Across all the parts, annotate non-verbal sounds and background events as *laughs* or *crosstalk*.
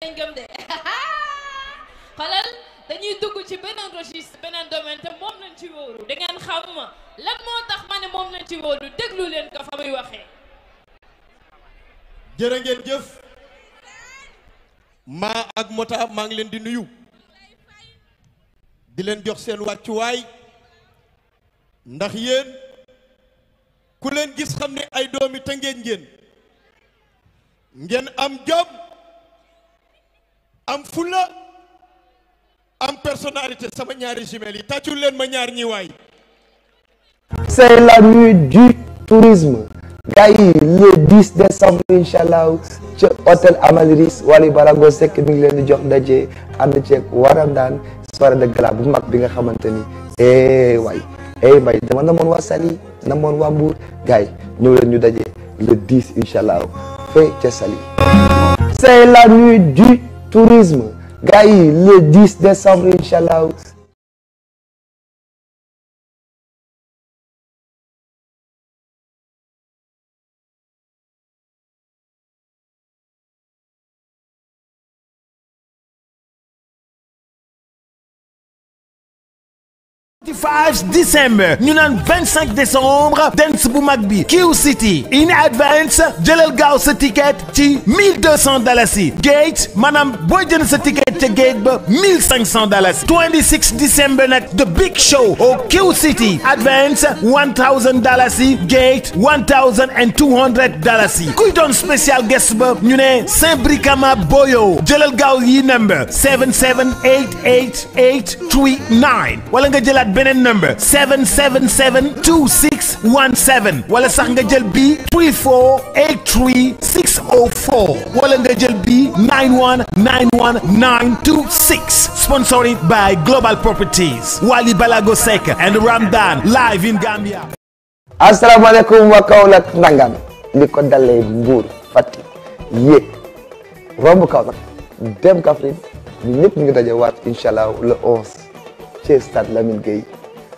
nañ *laughs* dañuy dugg ci beneen registre beneen domaine te moom lañ ci wóoru da ngeen xam lan moo tax ma ne moom lañ ci wóoru déglu leen ko fa muy waxee jërë ngeen jëf maa ak mota maa ngi leen di nuyu di leen jox seen wàccuwaay ndax yéen ku leen gis xam ne ay doomi Tëngéej ngeen ngeen am jom am fulla am personnalité sama ñaari jumelles yi tàccul leen ma ñaar ñi waay c'est la tourisme gars yi le 10 allah ca hôtel Amalris Wally Barago Seck mi ngi leen di jox daje ànd ceeg Waramdaan soirée de gala bu mag bi nga xamante ni eh mbay eh dama namoon waa Saly namoon waa wa gars yi ñëw leen ñu daje le 10 incha allah ca Saly tourisme gars yi le 10 décembre incha allah 25 December noon. 25 décembre dance bu mag Q City in advance jëlal Gauss sa ticket ci 1200 dalasi gate Madame Boyden's ticket gate 1500 dalasi 26 December nag the big show au Q City advance 1000 dalasi gate 1200 dalasi kuy spécial guest ba ñu ne Saint-Bricama Boyo jëlal gaaw yi number 7788839 wala nga jëlaat beneen beneen number 777 2617 wala sax nga jël bii 3483 604 wala nga jël bii 9191926 sponsored by Global Properties Wally Balago Seck and Ramdan live in Gambia. asalaamaaleykum waa Kaolack Ndangan li ko dalee Mbour Fatick yéeg dem Kaffrine ñun ñëpp ñu ngi daje waat incha allah le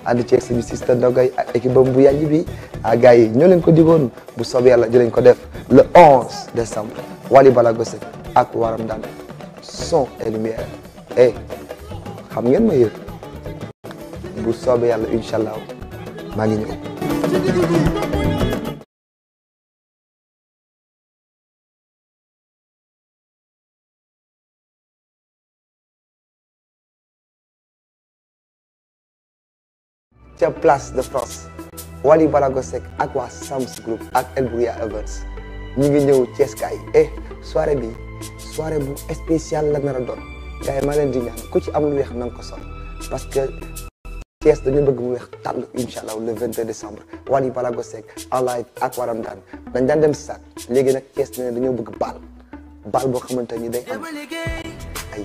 ànd ci si bi Sista Ndogay ak équipe bam bu yànj bi ah gars yi ñoo leen ko digoon bu soob yàlla jëlañ ko def le 11 décembre Wally Ballago Seck ak Waram Daan son et lumière eh xam ngeen ma yëg bu soob yàlla incha allah ter place de France Wali Balago Seck ak wa Sams Group ak El Bouya Events ñi ngi ñew ci Sky eh soirée bi soirée bu spécial la nar do gay ma len di ñaan ku ci am lu weex nang ko sol parce que Thiès dañu bëgg mu weex tàll incha le 22 décembre Wali Balago en live ak waram daan dañ daan dem sac léegi nag Thiès ne bëgg Bal, baal boo xamante day am ay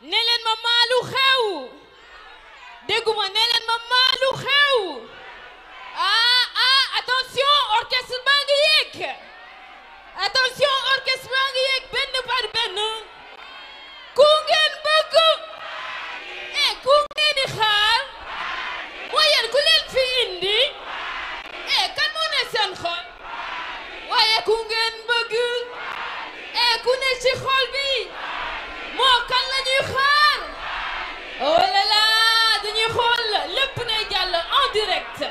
Nellen ma malu xew dégguma ma nelen ma malu xew ah ah attention orchestre baa attention orchestre baa ngi par benn ku ngeen bëgg eh ku ngeen di xaar mooy fi indi eh kan moo ne seen xol Waye ku bëgg eh ku ne ci xol bi oh là là Le xool le en direct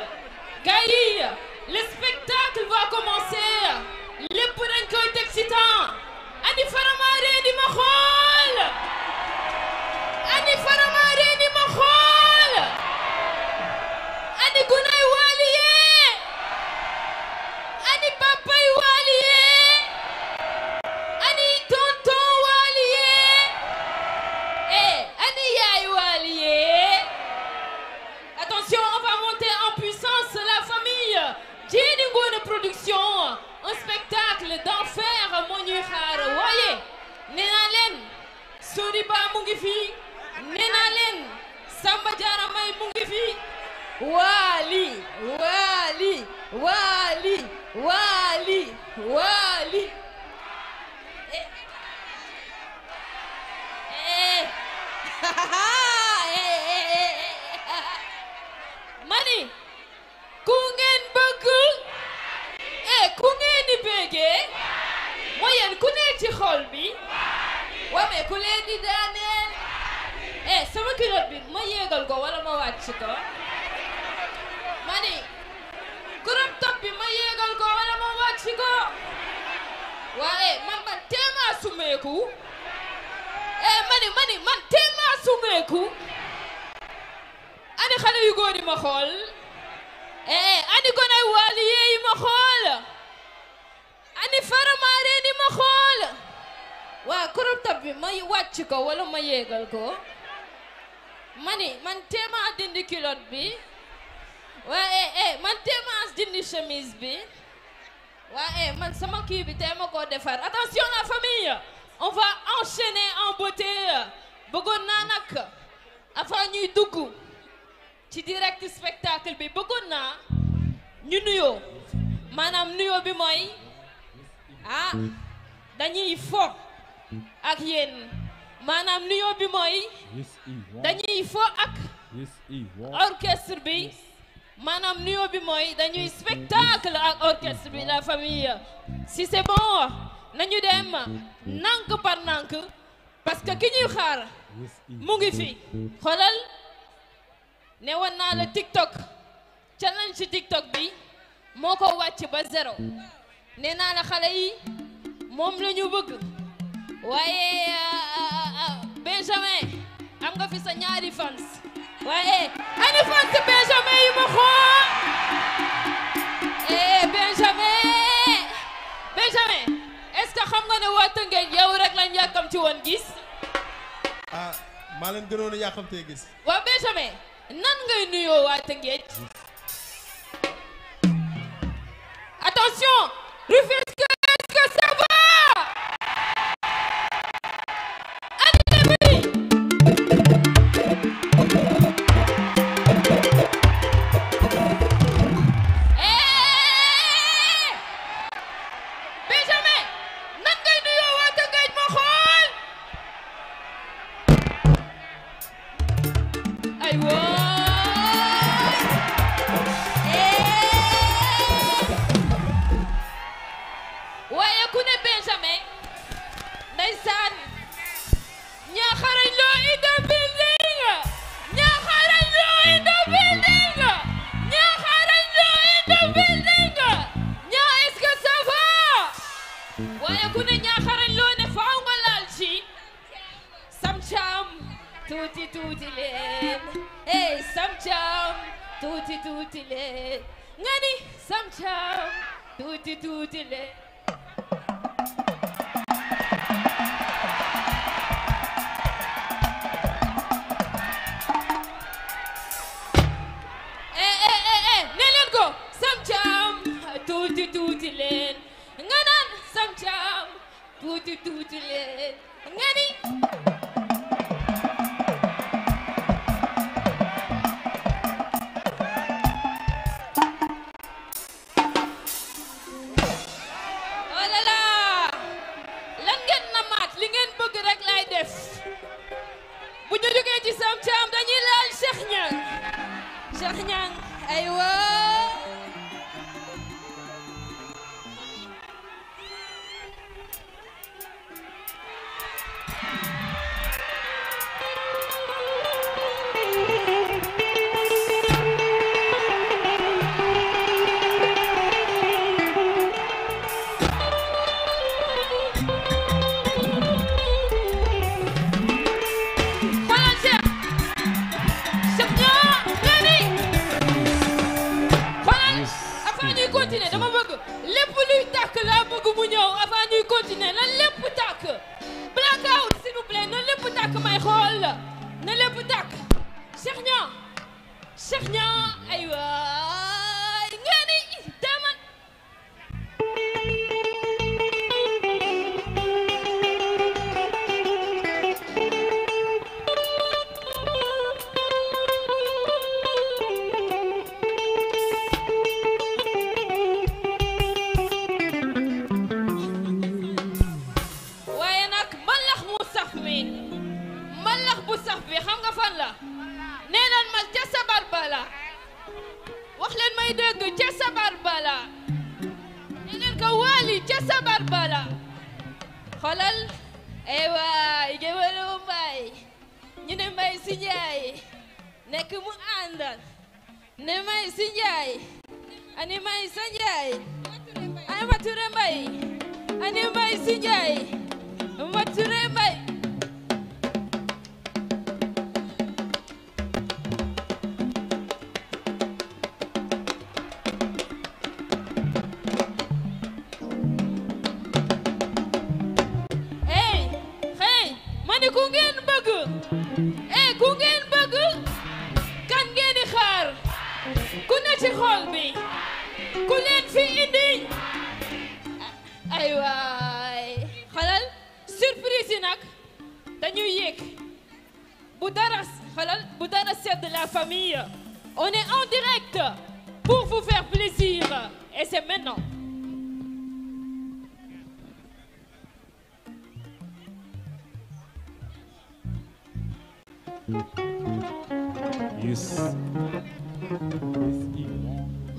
yu góor ma xool Eh, ani yi ma xool ani faramaareen yi ma xool waa bi ma wàcc ko wala ma ko mani man dindi bi eh, eh man dindi chemise bi waa eh man sama kii bi m'a koo defar attention la famille on va enchaîner en beauté bëggoon naa nag ñuy direct spectacle bi bëggoon ñu à manam nuyo ah dañuy fo ak à manam nuyo bi dañuy fo ak orchestre bi Manam nuyo bi moy dañuy spectacle ak orchestre bi la famille si c'est bon nañu dem nank par nank parce que ki ñuy xaar ngi fi ne naa la TikTok challenge TikTok bi moo ko wàcc ba zéro nee naa la xale yi moom la bëgg waaye ah, ah, Benjamin am nga fi sa ñaari fans waaye ani fans Benjamin yu ma xool eh, Benjamin Benjamin est xam nga ne waa Tëngéej yow rek lañ yàkkam ci woon gis. Ah, maa leen gënoon yàkkamtee gis. waaw Benjamin. nan ngay nuyoo waa Tëngéej တူတူလေငါဒီ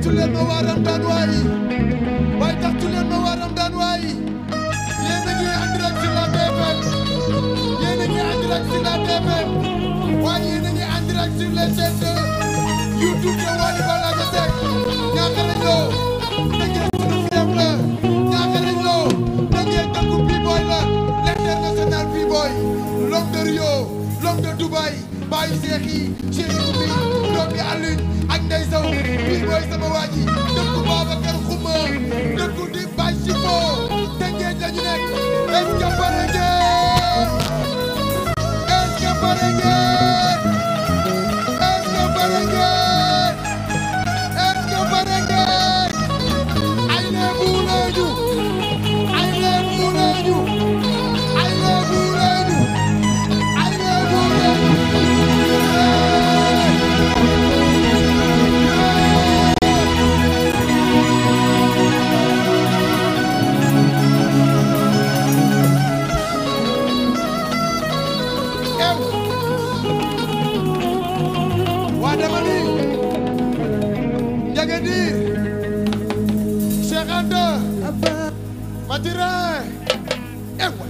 tàccu leen ma waa Ramadaan waay waaye tàccu leen ma waa Ramadaan waay yéen a ngi en direct ci la TFM yéen a ngi en direct ci la TFM waaye yéen a ngi en direct sur les chaînes de YouTube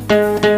Thank you.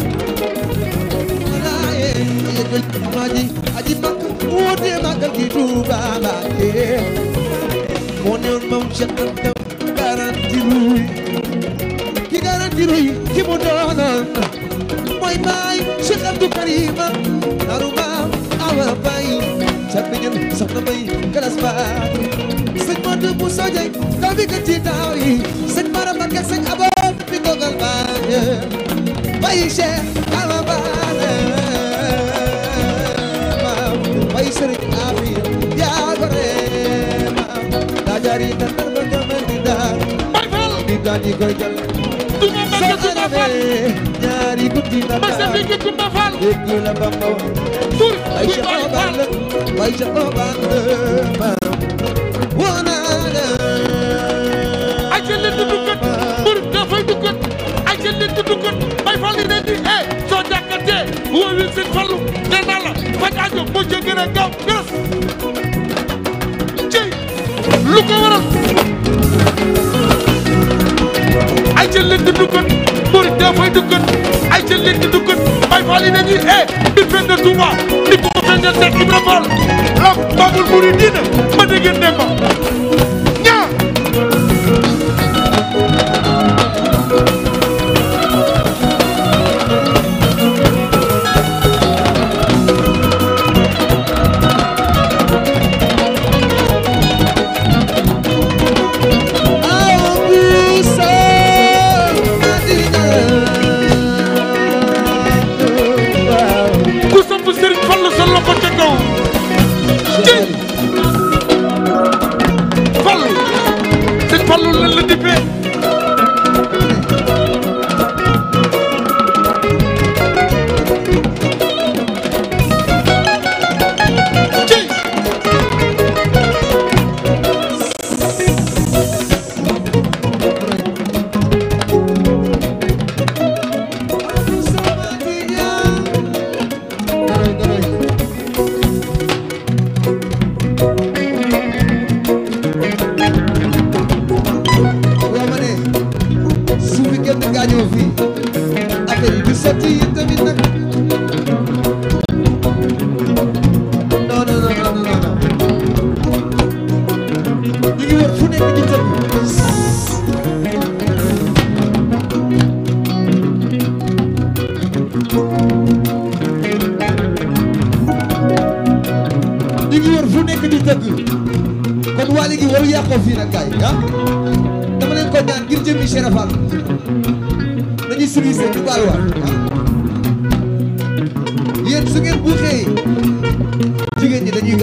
Aji Aji Makka moo dee màggal gi Tuuba Mbàkke moo newoon moom Cheikh Anta garanti ruy ki garanti ruy ki mu doonoon mooy baay Cheikh Abdou Karima naru maam awa bay Cheikh Biñen soxna bay galas baat sëñ Modou Moussa Diagne taw bi gën ci taaw yi sëñ Mara Mbàkke sëñ Abo bi dogal eh, baay bay Cheikh di koy jël. soo ko defee ñaari guddi na ma sa fi guddi ma fal. dégg la ba ma woon. tur bi koy fal waaye ca koo baal ma woo naa la. ay ca leen di duggat pour dafay duggat ay ca leen di duggat bay fal yi leen di eh soo jàkkantee woo wil seen falu nee naa la faj aajo moo ca gën a gaaw gës. ci lu ko waral. ca leen di duggan murit daa fay duggan ay ca leen di duggan bay faal yi nañuy e eh, di fenn Touba di ko fenn Seex Ibra Faal la babul murit dina ma déggeen ne ma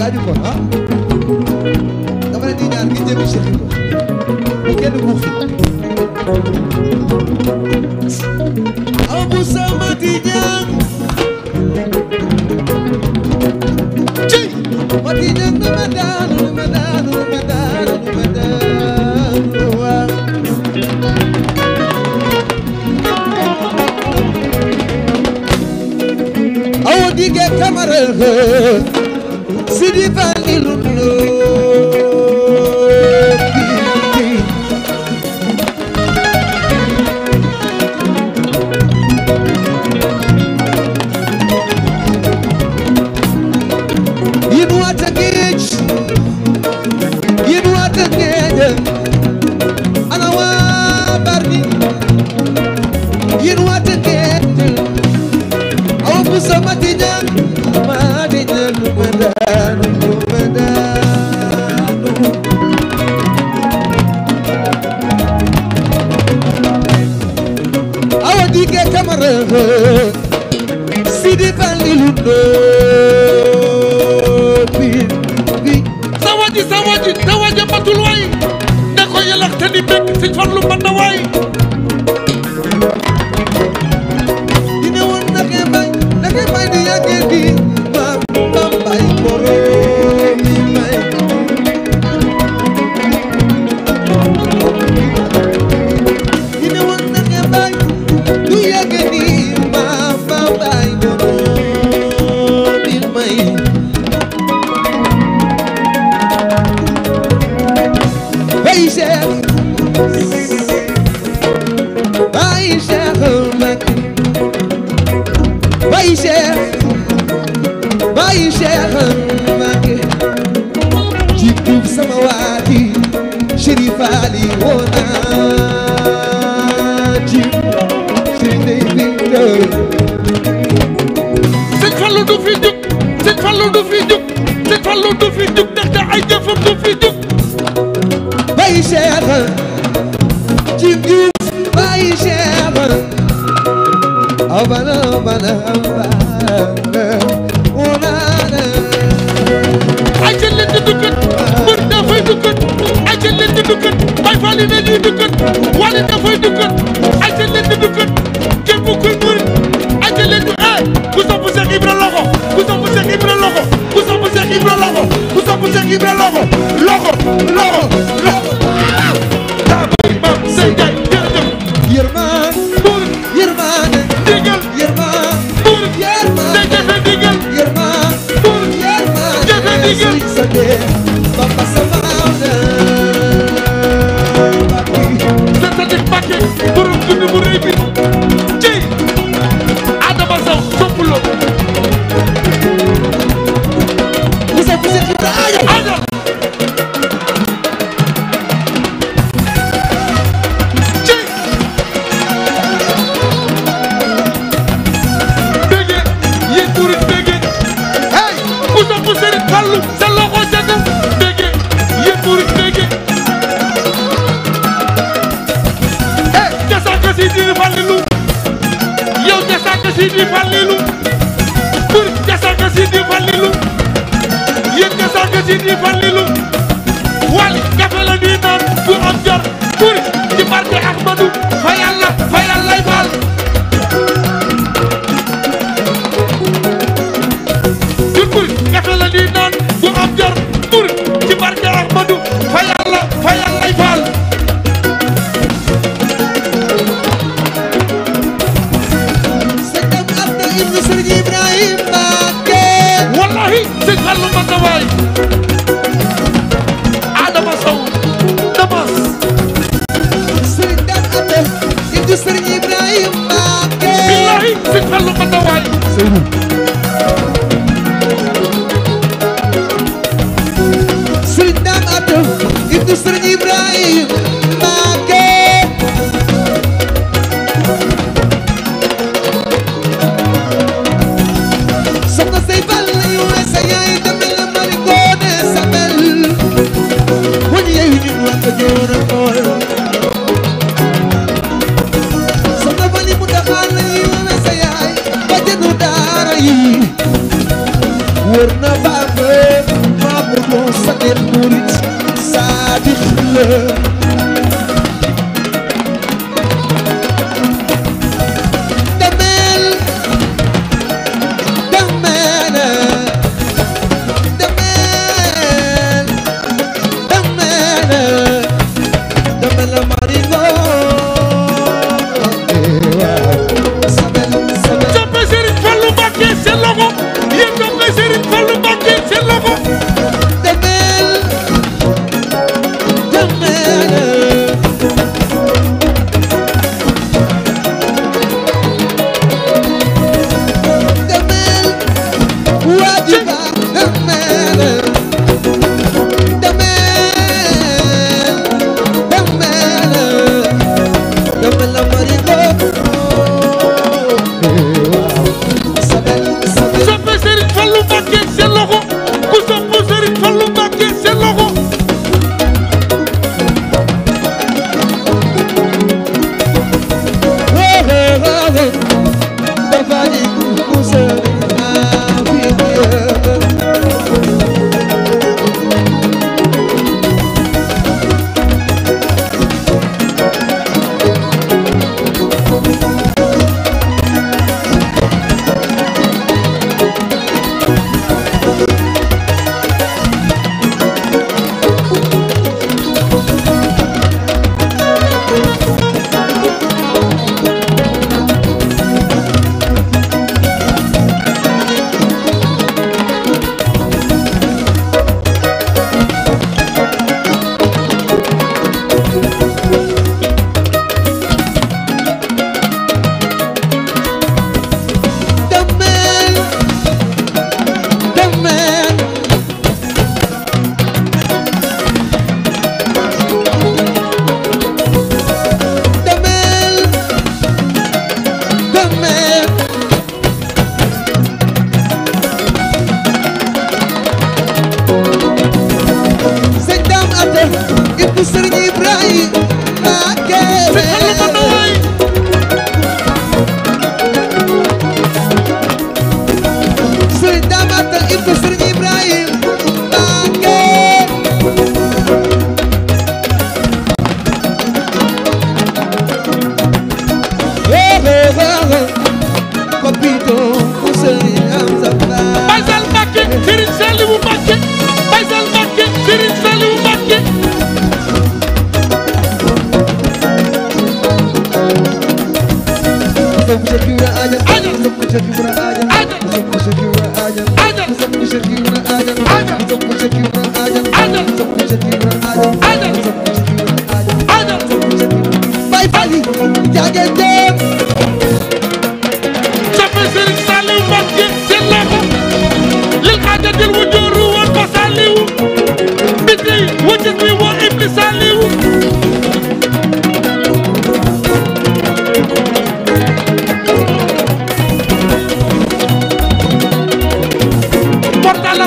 laaju ko ah dama leen di ñaan ngir jëmi Cheikh Ibra bu kenn buux jëfam du fi a ndaxte ay jëfam du fi jug bàyyi Cheikh ci gis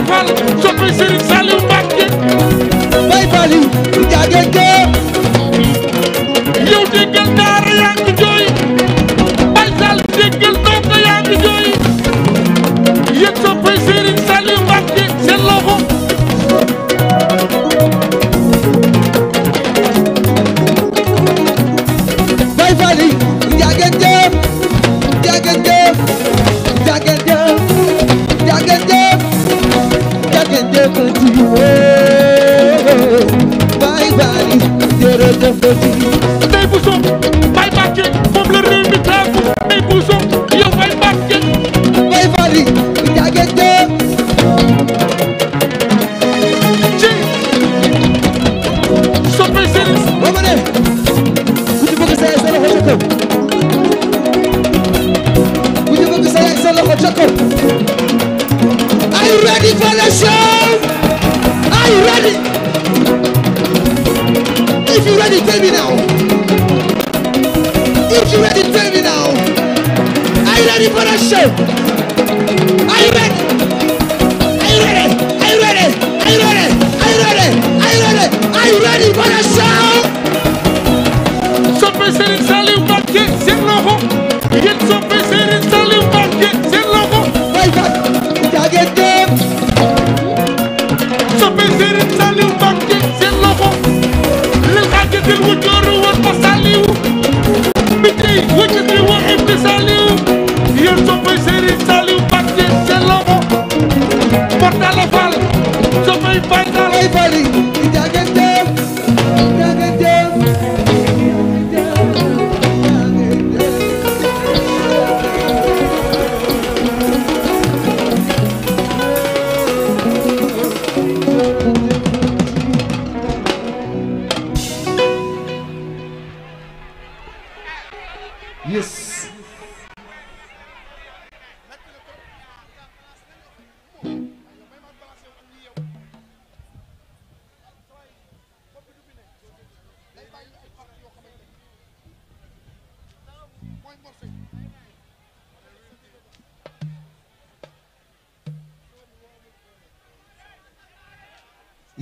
fala, Só pensei em if you're ready, baby now.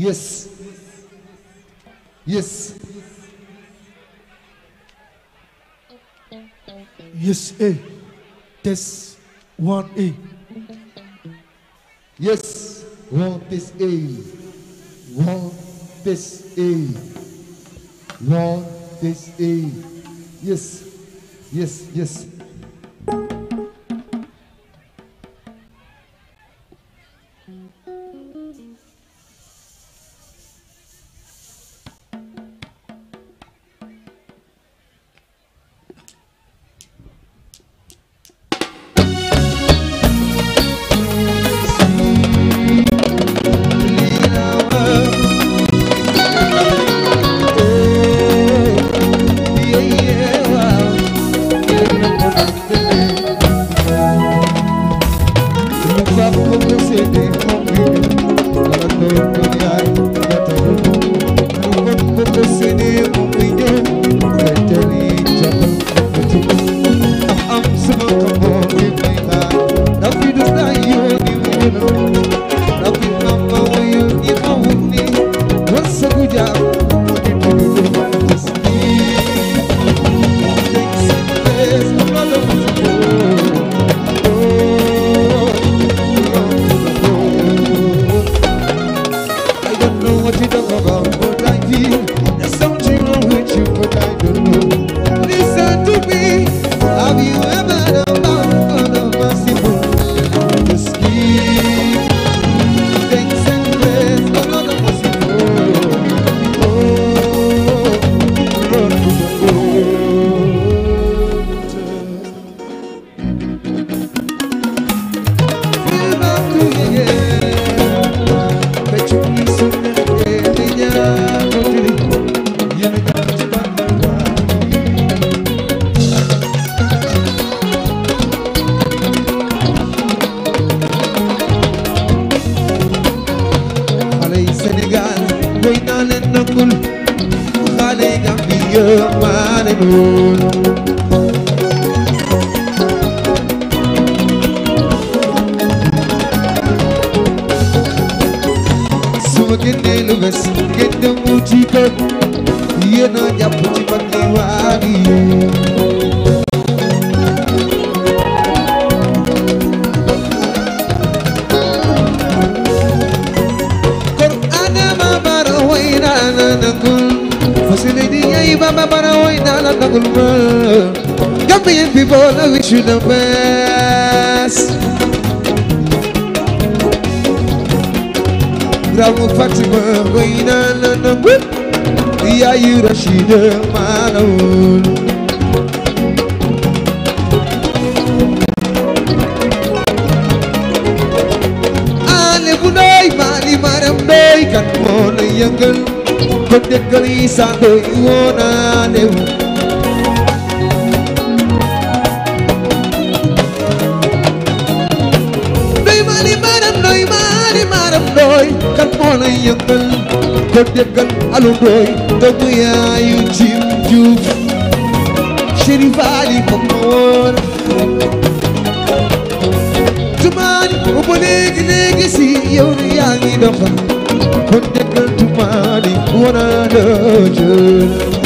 Yes. Yes. Yes, A. Eh. Test one A. Eh. Yes. One test A. Eh. One test A. One test A. Yes. Yes. Yes. Yagul Ma. Gambian people, I wish you the best. Ramu Fatima, Goina, Nanabu. Ya yu Rashida, Manawul. Ale Bunay, Mali Maram Day, Kan Mona Yangal. Kondekali Sandoy, Wona Newu. lay yëngal te déggal alu doy doogu yaayu cim juuf Chérif Ali Mamor tumaan bu ma léegi léegi si yow ni yaa ngi doxal kon déggal tumaani wara dëjël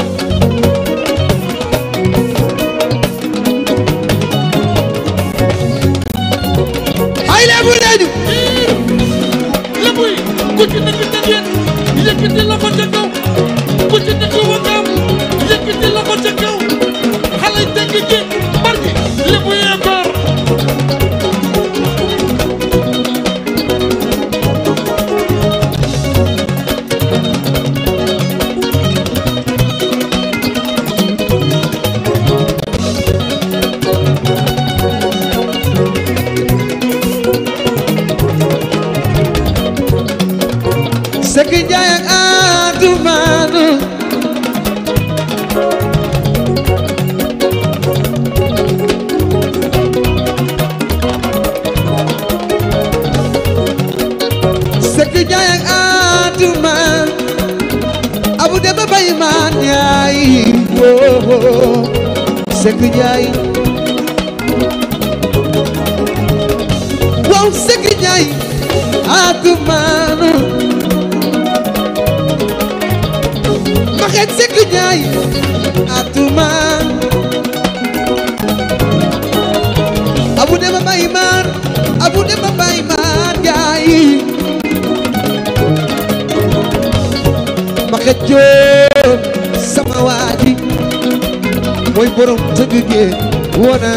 تبقي وانا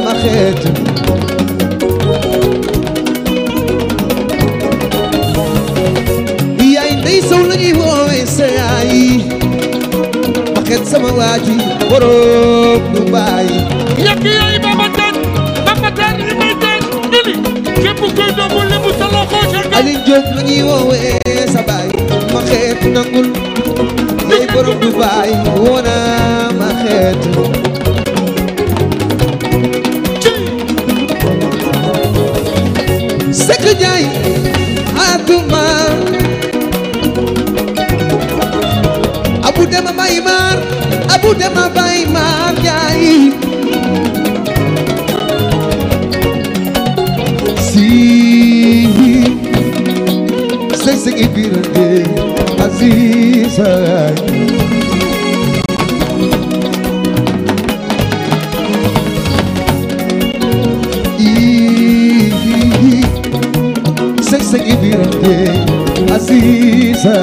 ما خاتم يا اندي سولني هو ساي ما كان سما واجي وروب دبي يك يا بابا تن بابا تن يمتن لي كيف كوي دومو لي مسلا خوجر علي جوب لني هو سباي ما خاتم نقول لي بروب دبي وانا ما خاتم sëkk jaay àdduma abu dema bay maar abu dema bay maar jaay si sëy sëy ibirante aziz segi birante aziza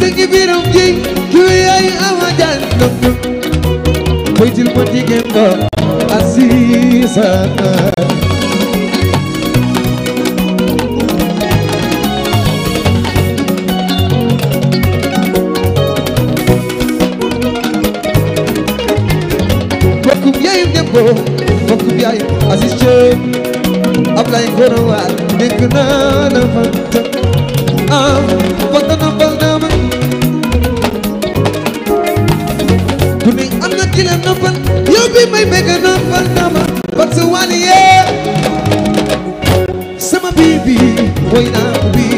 segi biram ji tuyay awajan dum dum boy til mo digendo aziza karawaat dégg naa la fanta ah fanta na bal naa ma du ni am na ki la noppal yow bi may bëgg naa bal naa ma parce que wàll yee sama bibi woy naa bi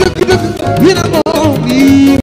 Mira, mira, mira, mira, mira,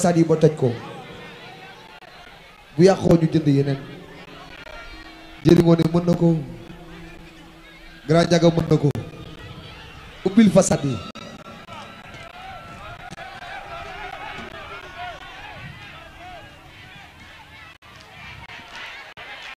façade yi ba toj ko bu yàqoo ñu jënd yeneen jëli moo mën na ko grand jaga mën na ko ubbil façade yi